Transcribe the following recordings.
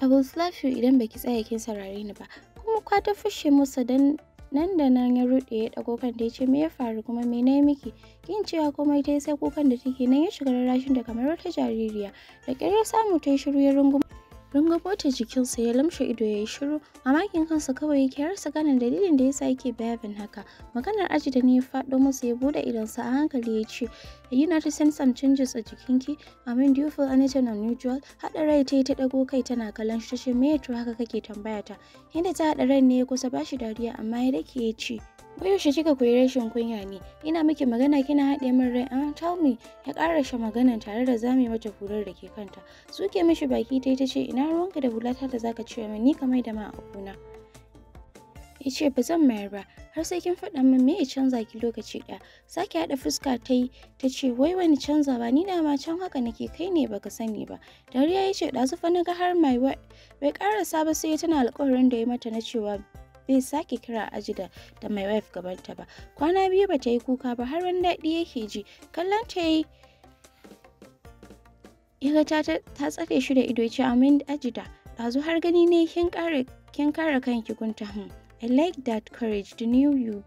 I idan baki tsaya kin saurare ni ba. Kuma kwa ta fushe masa dan nan da nan ya rude ya ɗago kan ya ce me ya faru kuma me na miki kin cewa komai ta sai kukan da take nan ya shiga rarrashin da kamar wata jaririya da ƙyar samu ta shiru ya rungu ga bota jikinsa ya lamshe ido ya yi shiru, mamakin kansa kawai yake rasa ganin dalilin da ya sa yake bayanin haka. Maganar aji da ne ya faɗo masa ya buɗe idonsa a hankali ya ce, "You not send some changes a jikinki? I mean, do you feel anything unusual?" Haɗa rai ta yi ta ɗago kai tana kallon shi ta ce, "Me ya haka kake tambaya ta?" Yadda ta haɗa rai ne ya kusa bashi dariya amma ya dake ya ce, Koyaushe kika koyi rashin kunya ne, ina miki magana kina haɗe min rai, an ah, tell me, ya ƙarashe maganan tare da zame mata hular da ke kanta. Suke mishi baki ta ta ce, ina ruwanka da hulata da zaka cewa min, ni ka da ma a kuna Ya ce, ba zan mayar ba, har sai kin faɗa min me ya canza ki lokaci ɗaya. Sake haɗa fuska ta yi, ta ce, wai wani canza ba, ni na ma can haka nake kai ne baka sani ba. Dariya ya ce, ɗazu fa na ga har mai bai ƙarasa ba sai tana alƙawarin da ya mata na cewa bai sake kira ajida da mai wife gabanta ba kwana biyu ba ta yi kuka ba har wani daɗi yake ji kallon ta yi yaga ta tsare shi da ido ce amin ajida ɗazu har gani ne kin kare kanki gunta ta hmm, I like that courage the new you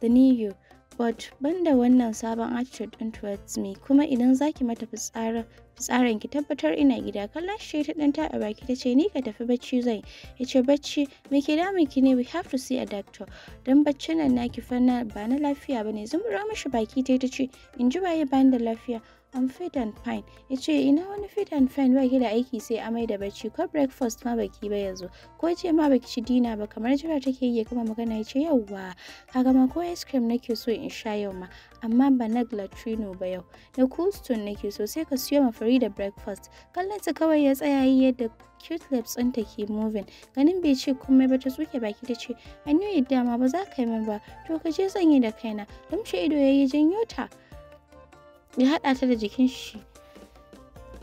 the new you But banda wannan sabon attitude ɗin towards me kuma idan zaki mata fitsarin ki tabbatar ina gida kallon shi ta dan taɓa baki ta ce ni ka tafi bacci zai ya ce bacci me ke damun ki ne we have to see a doctor dan baccin nan naki fanna ba na lafiya bane zumura mishi baki ta ta ce in ji waye bani da lafiya I'm fit and fine. Ya ce ina wani fit and fine ba ki da aiki sai amai da bacci ko breakfast ma baki ba yanzu. Ko ce ma baki ci dina ba kamar jira take yi kuma magana ya ce yawwa kaga ma ko ice cream nake so in sha yau ma amma ba na glatrino ba yau. Na cool stone nake so sai ka siyo ma fari da breakfast. Kallon ta kawai ya tsaya yi yadda cute lips ta ke moving ganin bai ce komai ba ta tsuke baki ta ce A new dama ba za ka yi min ba to ka je sanye da kaina lumshe ido ya yi janyo ta ya haɗa ta da jikin shi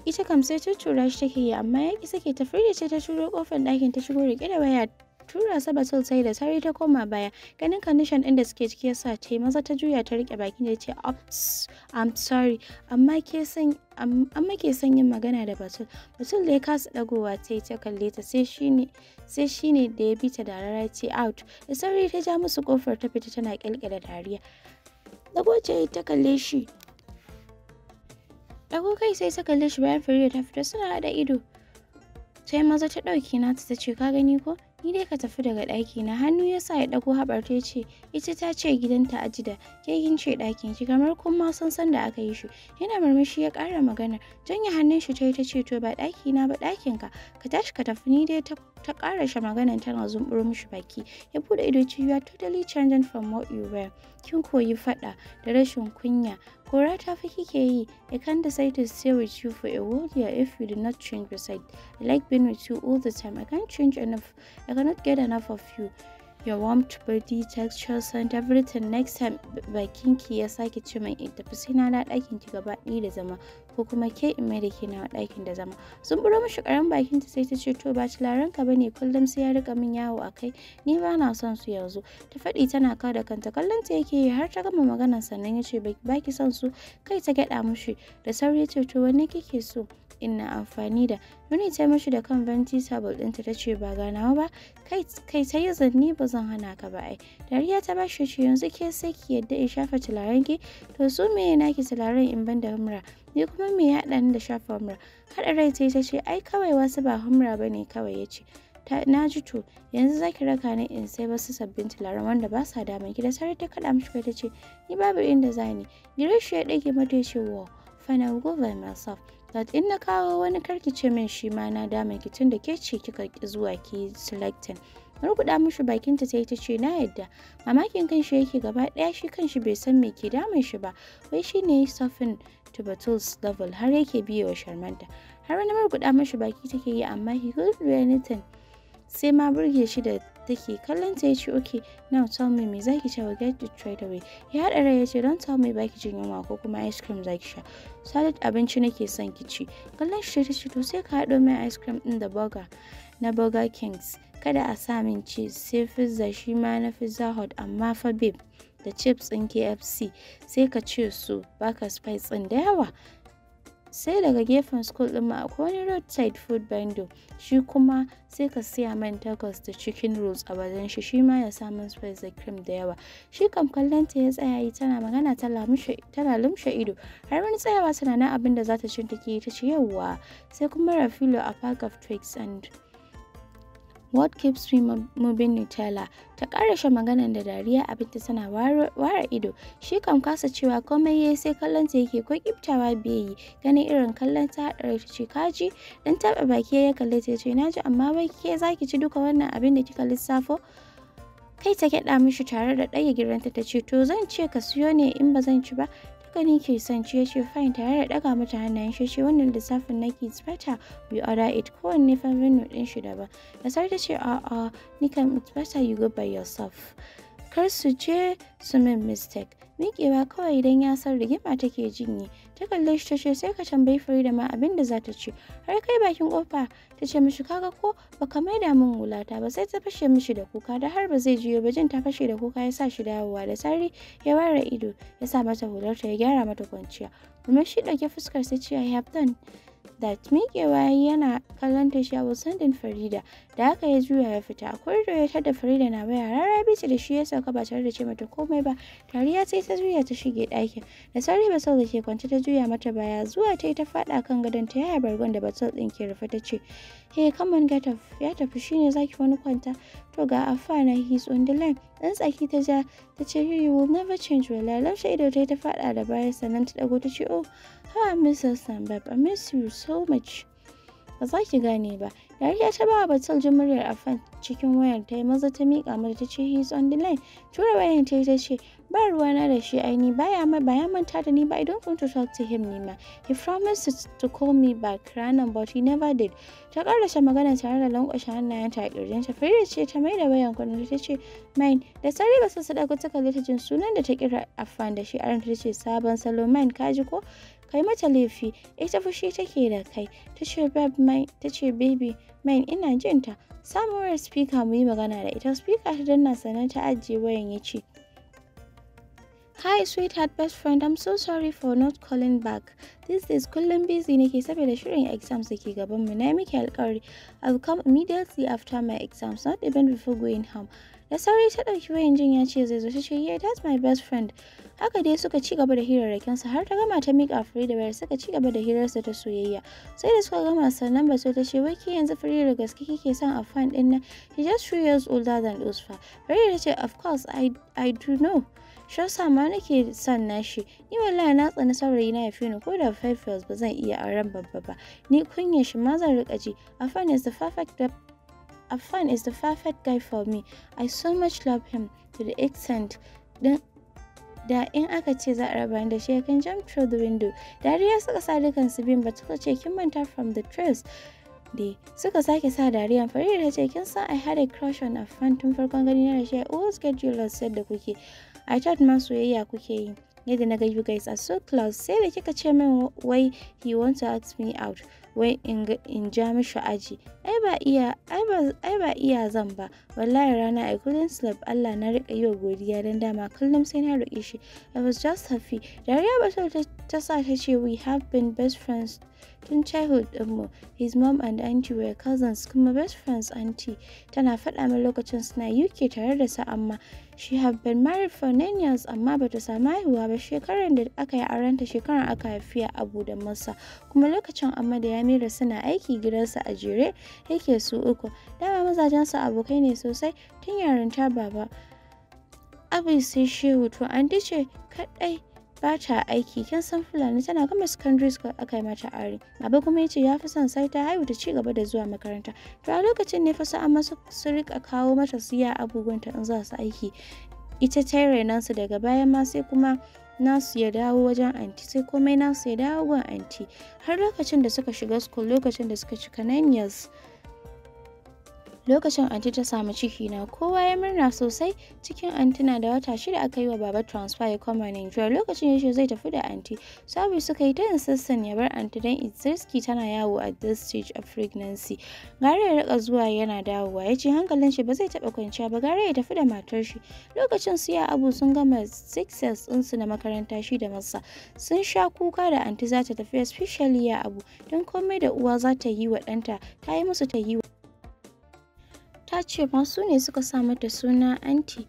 ita kam sai cuccura shi take yi amma ya ƙi sake ta ce ta turo ƙofar ɗakin ta shigo rike da waya tura sa batul sai da sari ta koma baya ganin kanishan ɗin da suke ciki ya sa ce maza ta juya ta rike bakin da ce ops i'm sorry amma ke san amma ke son yin magana da batul batul da ya kasa dagowa ta yi ta kalle ta sai shine sai shine da ya bi ta da rara ce out da sauri ta ja musu kofar ta fita tana kyalkyala dariya dago ce ta kalle shi Ɗago kai sai suka kalle shi bayan Farida ta fita suna haɗa ido. Sai maza ta ɗauki nata ta ce ka gani ko ni dai ka tafi daga ɗaki na hannu ya sa ya ɗago haɓar ta ce ita ta ce gidanta a jida ke yin ce ɗakin ki kamar kun ma san san da aka yi shi yana murmushi ya ƙara magana janye hannun shi ta yi ta ce to ba ɗaki na ba ɗakin ka ka tashi ka tafi ni dai ta ƙara shi maganan tana zumburo mishi baki ya buɗe ido ce you are totally changing from what you were kin koyi faɗa da rashin kunya Kora ta fa kike yi, I can't decide to stay with you for a whole year if you do not change your side. I like being with you all the time. I can't change enough. I cannot get enough of you. Your warmth, body, texture, scent, everything. Next time bakin ki ya sake ce min in tafi sai na da ɗakin ki gaba ɗaya da zama. ko kuma ke in mai da ke na ɗakin da zama sun buro mishi karan bakin ta sai ta ce to ba laran ka bane kullum sai ya rika min yawo a kai ni ba na son su yanzu ta faɗi tana ka da kanta kallon ta yake yi har ta gama magana sannan ya ce ba ki son su kai ta gyaɗa mushi da sauri ce to wanne kike so inna amfani da wani ta mashi da kan banti sabul ɗinta ta ce ba ganawa ba kai ta yi zanni ba zan hana ka ba ai. Dariya ta bashi ce yanzu ke sai ki yadda in shafa tularen ki to su me naki tularen in ban da humra ni kuma me ya haɗa ni da shafa humra. Haɗa rai ta ta ce ai kawai wasu ba humra ba ne kawai ya ce. na ji to yanzu zaki raka ni in sai wasu sabbin tularen wanda ba sa damun ki da ta kaɗa mishi kai ta ce ni babu inda za ni. shi ya ɗage mata ya ce wow go by myself. that in na kawo wani karkice min shi ma na dama ki tun da ke ce kika zuwa ki selecting rubuɗa mishi bakinta sai ta ce na yadda mamakin kanshi yake gaba daya shi kanshi bai san me ke damun shi ba wai shi ne sofin tubatul's level har yake biye wa sharmanta har wani marguɗa mishi baki take yi amma he could do anything sai ma burge shi da take kallon ta yace okay now tell me me zaki ce get it trade away ya hada rai yace don't tell me baki jin yunwa ko kuma ice cream zaki sha salad abinci nake son ki ci kallon shi ta ce to sai ka hado mai ice cream din da burger na burger kings kada a sa min cheese sai pizza shi ma na pizza hot amma fa babe da chips ɗin KFC sai ka ce su baka spice ɗin da yawa sai daga gefen school ɗinmu akwai wani roadside food vendor shi kuma sai ka siya man tacos da chicken rolls a wajen shi shi ma ya samu spice da cream da yawa shi kam kallon ta ya tsaya yi tana magana tana lumshe ido har wani tsayawa tunanin abin da za ta cin take ta ce yawwa sai kuma rafilo a park of twigs and What keeps me moving Nutella? Ta karashe maganan da dariya abinta tana ware ido. Shi kan kasa cewa komai ya sai kallon yake ko kiftawa bai yi. Ganin irin kallon ta hadare ta kaji dan taɓa baki ya kalli ta ce ji amma wai ke za ki ci duka wannan abin da kika lissafo? kai ta kyaɗa mishi tare da ɗaya giranta ta ce to zan ce ka siyo ne in ba zan ci ba haka ne ke son ci ya fine tare da daga mata hannayen shi ce wannan lissafin na is better we order it kowanne family din shi ba da sauri ta ce a ni kan it better you go by yourself kar su je su min mistake mikewa kawai idan ya san rigima take jinye ta kalle shi ta ce sai ka tambayi Farida ma abin da za ta ce har kai bakin kofa ta ce mishi kaga ko baka da min wulata ba sai ta fashe mishi da kuka da har ba zai jiyo ba jin ta fashe da kuka ya sa shi dawowa da sari ya ware ido ya sa mata ta ya gyara mata kwanciya kuma shi dauke fuskar sai ce I have done that miƙewa yana kallon ta shawo sandin Farida da haka ya juya ya fita akwai da ya tada Farida na baya, rara bisa da shi ya sauka ba tare da ce mata komai ba tare ya sai ta juya ta shige ɗakin da sauri sau da ke kwance ta juya mata baya zuwa ta yi ta faɗa kan gadon ta yaya bargon da Basau ɗin ke rufe ta ce he kaman gata ya tafi shine zaki wani kwanta to ga afa na he's on the dan tsaki ta ja ta ce you will never change your life ido ta yi ta faɗa da baya sannan ta ɗago ta ce oh Ah, Mrs. Sambab, I miss you so much. Ba za ki gane ba. Dariya ta ba Batul jin muryar Afan cikin wayar ta yi maza ta miƙa mata ta ce he's on the line. Tura wayar ta ta ce ba ruwana da shi aini baya ma manta da ni ba I don't want to talk to him ne ma. He promised to call me back ranan but he never did. Ta karashe magana tare da lankwashe hannayenta a kirjinta. Farida ce ta maida wayan da ta ce mine da sare ba su su dauko ta ta jin sunan da ta kira Afan da shi aranta ta ce sabon salo mine kaji ko kai mata laifi ita fushi take da kai ta ce baby man ina jinta ta samun speaker mu yi magana da ita speaker ta danna sannan ta ajiye wayan ya ce Hi sweetheart best friend I'm so sorry for not calling back this is kullum busy nake saboda shirin exams dake gaban mu na miki alƙawari I'll come immediately after my exams not even before going home da sauri ta ɗauki wayan jin ya ce zai zo ta ce yeah that's my best friend haka dai suka ci gaba da rakensa har ta gama ta miƙa da wayar suka ci gaba da hirarsa ta soyayya sai da suka gama sannan baso ta ce wai ke yanzu frida gaske kike son a fan din na she just three years older than us fa frida ta ce of course i, I do know shasa ma nake son nashi ni wallahi na tsani saurayi na yafi ni ko da five years ba zan iya auren babba ba ni kunya shi ma zan riƙa ji a fan is the perfect afan is the perfect guy for me. I so much love him to the extent da in aka ce za a raba da shi ya kan jump through the window. Dariya suka sa dukansu su ba ta ce kin manta from the trails. dai suka sake sa dariya farida da ce kin san i had a crush on afan tun farkon gani na shi i always get jealous yadda kuke i thought ma soyayya kuke yi yadda na ga you guys are so close sai da kika ce min wai he want to ask me out wai in ja mishi aji ai ba iya ai ba iya zan ba wallahi rana I couldn't sleep Allah na rika yi wa godiya dan dama kullum sai na roƙe shi I was just happy dariya Batul ta sa ta ce we have been best friends Tun childhood ɗinmu, his mom and auntie were cousins kuma best friends auntie. Tana faɗa mai lokacin suna UK tare da sa amma she have been married for nine years amma bata samu haihuwa ba shekarar da aka yi aurenta shekarar aka haifi a Abu da masa kuma lokacin amma da Yamira suna aiki gidansa a jere yake su uku dama mazajensa abokai ne sosai tun yarinta baba abu sai shehu to an ce kaɗai ba ta aiki kin san fulani tana gama secondary school aka yi mata aure baba kuma yace ya fi son sai ta haihu ta ci gaba da zuwa makaranta to a lokacin ne fa su amma su rika kawo mata siya abubuwan ta in za su aiki ita ta rainansu su daga baya ma sai kuma nasu ya dawo wajen anti sai komai nasu ya dawo gun anti har lokacin da suka shiga school lokacin da suka cika nine years lokacin anti ta samu ciki na kowa ya murna sosai cikin anti na da wata shida aka yi wa baba transfer ya koma Nigeria lokacin yace zai tafi da anti sabi suka yi ta insistin ya bar anti dan Idriski tana yawo a this stage of pregnancy gare ya rika zuwa yana dawowa ya ce hankalin shi ba zai taba kwanciya ba gara ya tafi da matar shi lokacin su ya abu sun gama success din su na makaranta shi da masa sun sha kuka da anti za ta tafi especially ya abu don komai da uwa za ta yi wa ɗanta ta yi musu ta yi wa ta ce masu ne suka sa mata suna anti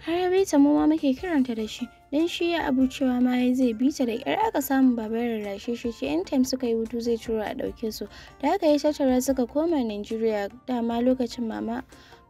har ma muke kiranta da shi don shi ya abu cewa ma ya zai bita da kyar aka samu babar ya rarrashe shi ce in time suka yi hutu zai turo a ɗauke su da aka yi tattara suka koma nigeria dama lokacin mama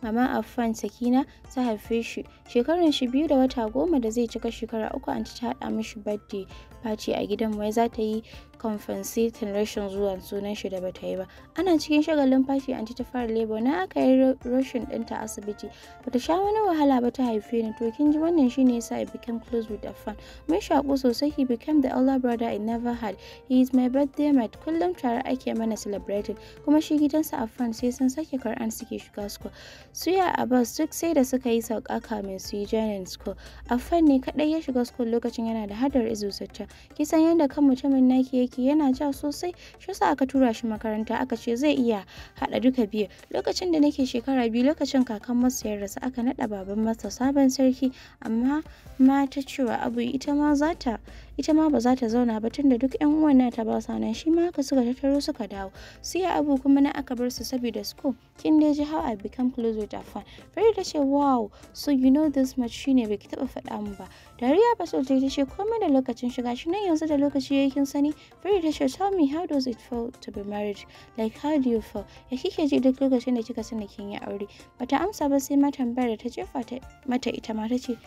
mama Afan Sakina ta haife shi shekarun shi biyu da wata goma da zai cika shekara uku an ta haɗa mishi birthday party a gidan wai za ta yi compensating rashin zuwa sunan shi da bata yi ba ana cikin shagalin fashi an ta fara labor na aka yi rashin ɗinta asibiti bata sha wani wahala ba ta haife ni to kin ji wannan shine yasa I became close with a fan mun shaku sosai he became the elder brother I never had he is my birthday mate kullum tare ake mana celebrating kuma shi gidansa a fan sai sun sake Quran suke shiga school suya bus duk sai da suka yi sauka kamin su yi joining school a fan ne kadai ya shiga school lokacin yana da hadar izu sacca kisan yadda kan mutumin naki yake yana ja sosai shi yasa aka tura shi makaranta aka ce zai iya hada duka biyu lokacin da nake shekara biyu lokacin kakan masa ya rasu aka naɗa baban masa sabon sarki amma ma ta cewa abu ita ma za ta ita ma ba za ta zauna ba tunda duk yan uwan nata ba sa nan shi ma haka suka tattaro suka dawo su ya abu kuma na aka bar su saboda school kin dai ji how I become close with Afan fari ta ce wow so you know this much shine baki taba faɗa mu ba Dariya so ta ce komai da lokacin shiga shi nan yanzu da lokaci yayi kin sani fari ta ce tell me how does it feel to be married like how do you feel ya kike ji duk lokacin da kika sani kin yi aure bata amsa ba sai ma tambayar da ta jefa mata ita ma ta ce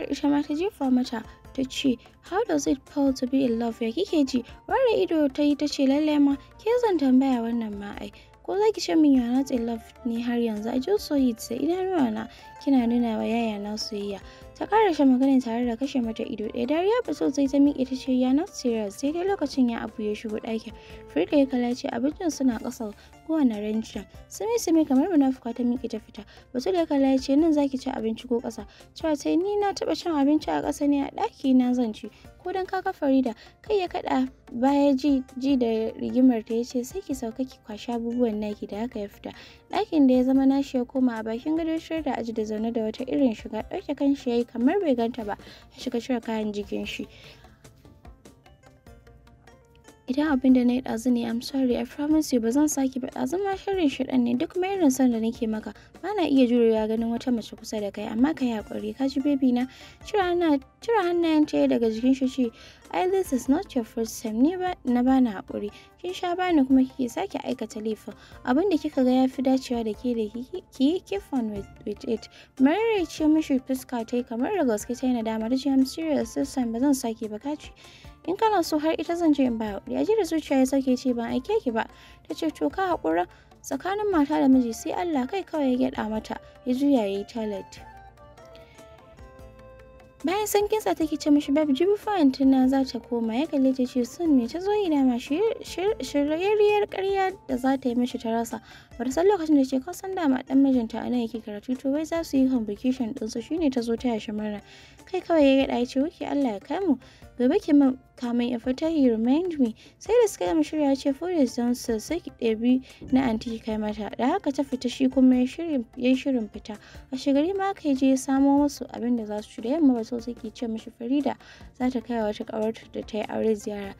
Wanda isha ma ta jefa mata ta ce, How does it feel to be in love? Ya kike ji? Wanda ido ta yi ta ce lallai ma ke zan tambaya wannan ma ai. Ko za ki ce min you are not in love ne har yanzu? I just saw it sai idanuwa na kina nuna wa yaya na soyayya ta shi maganin tare da kashe mata ido ɗaya dariya so sai ta miƙe ta ce yana serious sai dai lokacin ya abu ya shigo ɗakin firka ya kala ce abincin suna ƙasa kowane rancin sumi sumi kamar munafuka ta miƙe ta fita da ya kala ce nan zaki ci abinci ko ƙasa cewa sai ni na taɓa cin abinci a ƙasa ne a ɗaki na zan ci ko don kaka farida kai ya kaɗa baya ji da rigimar ta ya ce sai ki sauka ki kwashi abubuwan naki da haka ya fita ɗakin da ya zama nashi ya koma a bakin gado shirar da aji da zaune da wata irin shiga ɗauke kanshi ya yi kamar bai ganta ba a shiga cire kayan jikin shi idan abin da na yi ɗazu ne I'm sorry I promise you ba zan sake ba ɗazu ma shirin shirin ne duk mai irin da nake maka ba na iya jurewa ganin wata mace kusa da kai amma ka yi haƙuri ka ji baby na cire hannayen ta daga jikin shi ce I this is not your first time ni ba na bani haƙuri kin sha bani kuma kike sake aikata laifin abin da kika ga yafi dacewa da ke da ki yi keep on with, it Mary ce mishi fuska ta yi kamar da gaske ta yi nadama da ce I'm serious this time ba zan sake ba ka ce in kana so har ita zan je in ba haƙuri da zuciya ya sauke ce ban aike ki ba ta ce to ka haƙura tsakanin mata da miji sai Allah kai kawai ya gyaɗa mata ya juya ya yi bayan san kinsa take ce mishi babu jibi fa'in na za ta koma ya kalle ta ce sun me ta zo yi dama shiryayyar karya da za ta yi mishi ta rasa wata san lokacin da ce kan san dama dan mijinta a nan yake karatu to wai za su yi convocation ɗinsu shine ta zo ta yashi murna kai kawai ya gaɗa ya ce wuki Allah ya kai mu gobe ki ya fita he remind me sai da suka gama shirya ce forest johnson su saki ɗabi na anti kai mata da haka ta fita shi kuma ya yi shirin fita a shigari ma maka je ya samo masu abinda da za su ci da yamma ba so take ce mishi Farida za ta kai wata kawarta da ta yi aure ziyara.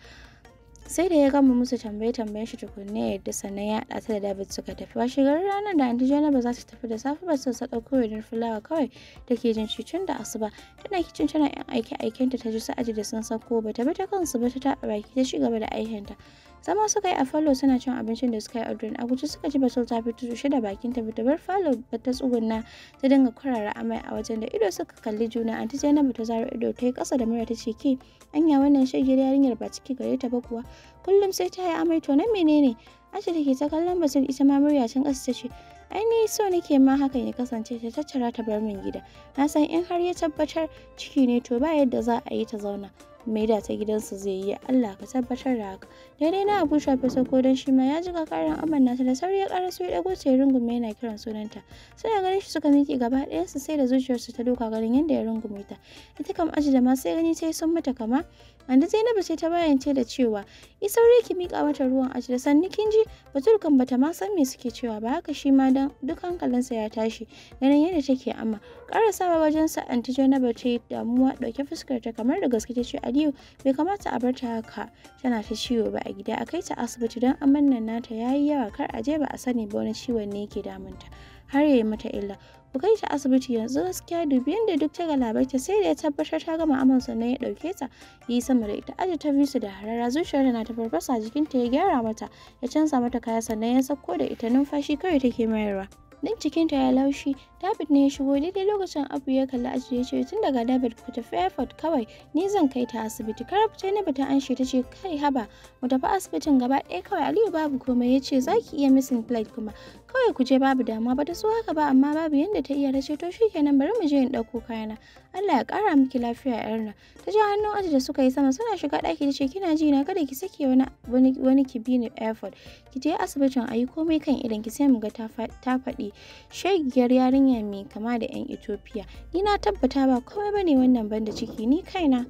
Sai da ya gama musu tambaye tambayen shi tukunne ya yadda sannan ya haɗa ta da David suka tafi. Ba shigar ranar da Aunty ba za ta tafi da safe ba sun saka koyar fulawa kawai take jin shi tun da asuba. Tana kicin tana yan aike aikenta ta ji sa'aji da sun sako ba ta bi ta kansu ba ta taɓa baki ta ci gaba da aikinta. zama suka yi a falo suna cin abincin da suka yi ordering a guje suka ji basul ta fito tushe da bakin ta bar falo ta tsuguna ta dinga kurara amai a wajen da ido suka kalli juna anti Zainabu ta zaro ido ta yi kasa da mura ta ce ke anya wannan shagiyar yarinyar ba ciki gare ta ba kuwa kullum sai ta yi amai to na menene Aisha take ta kallon Basul ita ma murya can kasa ta ce ai ni so nake ma hakan ya kasance ta tattara ta bar min gida na san in har ya tabbatar ciki ne to ba yadda za a yi ta zauna maida ta gidansu zai yi Allah ka tabbatar da haka daidai na Abu Shafi sako don shi ma ya ji kakarin amman nata da sauri ya kara su ya ce rungume yana kiran sunanta suna ganin shi suka miƙe gaba ɗaya su sai da zuciyarsu ta doka ganin yadda ya rungume ta ita kam aji da ma sai gani yi sun mata kama anda Zainabu sai ta bayance da cewa i sauri ki miƙa mata ruwan aji da sanni kin ji batul kan bata ma san me suke cewa ba haka shi ma dan duk hankalinsa ya tashi ganin yadda take amma ƙarasawa wajen sa anti Zainabu ta yi damuwa ɗauke fuskar ta kamar da gaske ta ce Aliyu bai kamata a bar ta haka tana ta ciwo ba a gida a kai ta asibiti don aman nan nata yi yawa kar a je ba a sani ba wani ciwon ne yake damunta har yayi mata illa ku kai ta asibiti yanzu gaskiya dubi yadda duk ta galabaita sai da ya tabbatar ta gama aman sannan ya dauke ta yi sama da ita aji ta su da harara zuciyar na ta farfasa jikinta ya gyara mata ya canza mata kaya sannan ya sauko da ita numfashi kawai take mayarwa don cikinta ya laushi david ne ya shigo daidai lokacin abu ya kalli aji ya ce tun daga david ku tafi airport kawai ni zan kai ta asibiti karabta ta ni bata an ta ce kai haba mu tafi asibitin gaba ɗaya kawai aliyu babu komai ya ce za ki iya missing flight kuma kawai kuje babu damuwa ba ta so haka ba amma babu yadda ta iya ta to shi kenan bari mu je in ɗauko kayana Allah ya kara miki lafiya yarna ta ji hannun aji da suka yi sama suna shiga ɗaki da ce kina ji na kada ki saki wani wani ki bi ni airport ki je asibitin ayi komai kan idan ki sai mu ga ta faɗi shagiyar yarinya mai kama da yan Ethiopia ni na tabbata ba komai bane wannan banda ciki ni kaina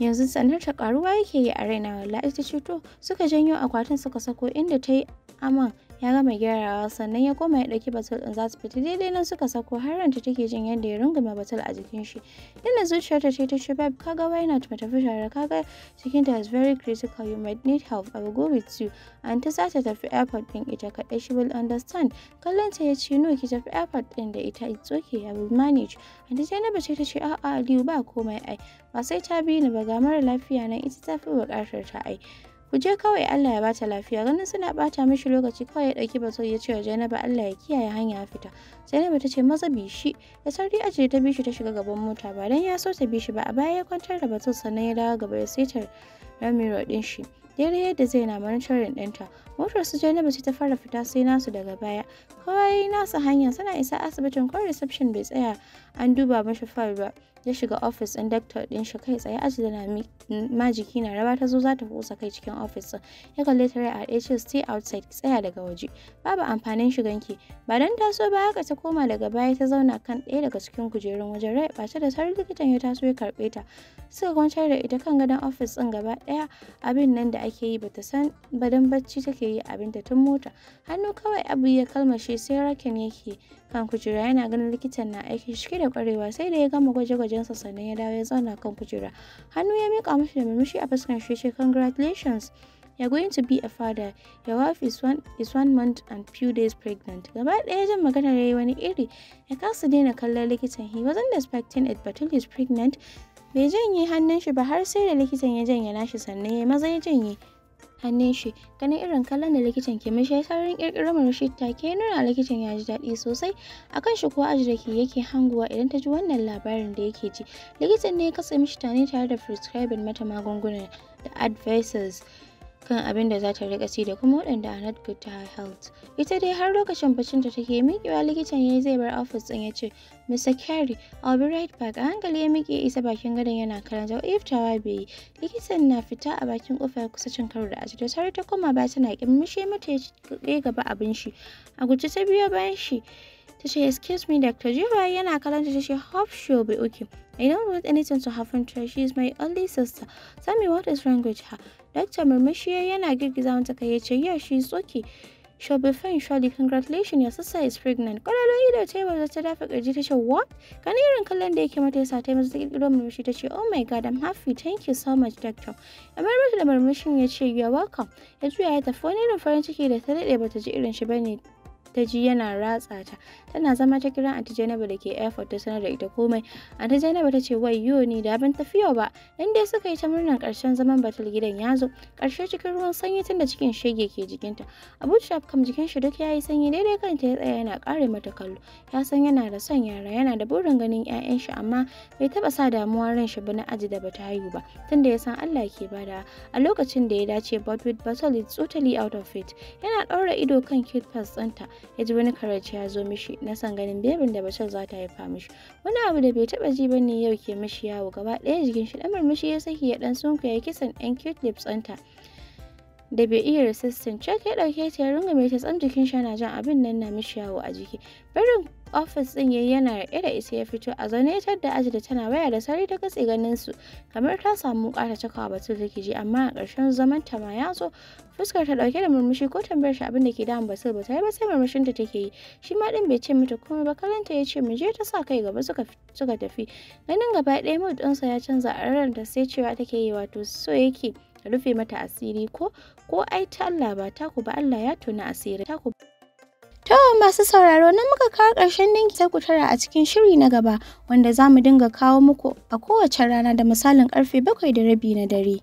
yanzu tsanar ta karuwa yake yi a raina wallahi ta ce suka janyo akwatin suka sako inda ta yi aman ya gama gyarawa sannan ya koma ya ɗauki batul ɗin za su fita daidai nan suka sako har ranta take jin yadda ya rungume batul a jikin shi inda zuciyarta ce ta ce babe kaga why not mu tafi tare kaga ta is very critical you might need help I will go with you and ta sace tafi airport ɗin ita kaɗai she will understand kallon ta ya ce no ki tafi airport ɗin da ita it's okay I will manage and ta Zainabu ce ta ce a Aliyu ba komai ai ba sai ta bi ni ba ga mara lafiya nan ita ta fi buƙatar ta ai ku je kawai Allah ya bata lafiya ganin suna bata mishi lokaci kawai ya dauki bazo ya ce wa Zainabu Allah ya kiyaye hanya fita Zainabu ta ce maza bi shi ya sarri ajiye ta bi shi ta shiga gaban mota ba dan ya so ta bi shi ba a baya ya kwantar da bazo sannan ya dawo gaba ya saita Ramiro din shi daidai yadda zai na din ɗinta motar su jainaba sai ta fara fita sai nasu daga baya kawai nasu hanya suna isa asibitin ko reception bai tsaya an duba mashi fal ba ya shiga ofis ɗin daktar ɗin shi kai tsaye aji na majiki na raba ta zo za ta fusa kai cikin ofis ɗin ya kalle ta a ɗaya ce stay outside tsaya daga waje babu amfanin shiganki ba dan taso ba haka ta koma daga baya ta zauna kan ɗaya daga cikin kujerun wajen rai ɓace da sarar likitan ya taso ya karɓe ta suka kwantar da ita kan gadon ofis ɗin gaba ɗaya abin nan da ake yi bata san badan bacci take yi abinta tun mota hannu kawai abu ya kalmashe sai raken yake kan kujera yana ganin likitan na aiki cike da kwarewa sai da ya gama gwaje gwajen sa sannan ya dawo ya zauna kan kujera hannu ya mika mashi da murmushi a fuskar shi ce congratulations you're going to be a father your wife is one, is one month and few days pregnant gaba ɗaya jin magana ya yi wani iri ya kasa daina kallon likitan he wasn't expecting it but he is pregnant bai janye hannun shi ba har sai da likitan ya janye nashi sannan ya maza ya janye hannun shi ganin irin kallon da likitan ke mishi ya sararin kirkirar murmushi ta ke nuna likitan ya ji daɗi sosai akan shi kuwa aji da ke yake hanguwa idan ta ji wannan labarin da yake ji likitan ne ya katse mishi tane tare da prescribing mata magunguna da advices kan abin da za ta riƙa ci da kuma waɗanda a not good to her health. Ita dai har lokacin baccin da take miƙewa likitan ya yi zai bar office ɗin ya ce, Mr. Carey, I'll be right back. A hankali ya miƙe isa bakin gadon yana karanta iftawa bai yi. Likitan na fita a bakin ƙofar kusa cin karo da aji da sauri ta koma baya tana ƙin ƙimmishe mata ya gaba abin shi. A guji ta biyo bayan shi. ta ce excuse me Dr. jiwa yana kalanta ta ce hope she'll be okay i don't want anything to happen to her she is my only sister tell me what is wrong with her Dakta murmushi yana girgiza mata kai yace shi yeah, she's okay. She'll be fine surely Congratulations, your sister is pregnant. Kwalalo ido ta yi maza ta dafa kirji ta ce, what? Kan irin kallon da yake mata ya yi masa ta kirkiro murmushi ta ce, oh my god, I'm happy. Thank you so much, doctor. Amir mata da murmushin ya ce, you are welcome. Ya juya ya tafi wani irin farin ciki da ta daɗe bata ji irin shi ba ne. ta ji yana ratsa ta tana zama ta kira anti Jainabu da ke airport ta sanar da ita komai anti Jainabu ta ce wai yo ni da ban tafiya ba dan dai suka yi ta murnan karshen zaman batul gidan ya zo karshe cikin ruwan sanyi tun da cikin shege ke jikinta Abu Shaf kam jikin shi duk yayi sanyi daidai kanta ya tsaya yana kare mata kallo ya san yana da son yara yana da burin ganin 'ya'yan shi amma bai taba sa damuwa ran shi ba na aji da bata haihu ba tunda ya san Allah ke bada a lokacin da ya dace but with battle is totally out of it yana ɗaura ido kan kid pass ya ji wani karaci ya zo mishi na san ganin bebin da bashir za ta haifa mishi wani abu da bai taba ji bane yau ke mishi yawo gaba ɗaya jikin shi ɗan murmushi ya saki ya ɗan sunku ya kisan ɗan cute lips ɗanta da bai iya resistance check ya ɗauke ta ya rungume ta tsam jikin shi yana jan abin nan na mishi yawo a jiki barin ofis ɗin yayi yana raɗe da ita ya fito a zaune tar da ajida tana waya da sauri ta katse ganin su kamar ta samu ƙara cakawa batun rikici amma a ƙarshen zaman ta ma ya zo fuskar ta ɗauke da murmushi ko tambayar shi abin da ke damun basir ba ta yi ba sai murmushin ta take yi shi ma ɗin bai ce mata komai ba kalanta ya ce mu je ta sa kai gaba suka suka tafi ganin gaba ɗaya mu ɗinsa ya canza a ta sai cewa take yi wato so yake rufe mata asiri ko ko ai ta Allah ba taku ba Allah ya tona asiri taku To masu sauraro na muka kawo ƙarshen dangi ku tara a cikin shiri na gaba wanda za mu dinga kawo muku a kowace rana da misalin ƙarfe bakwai da rabi na dare.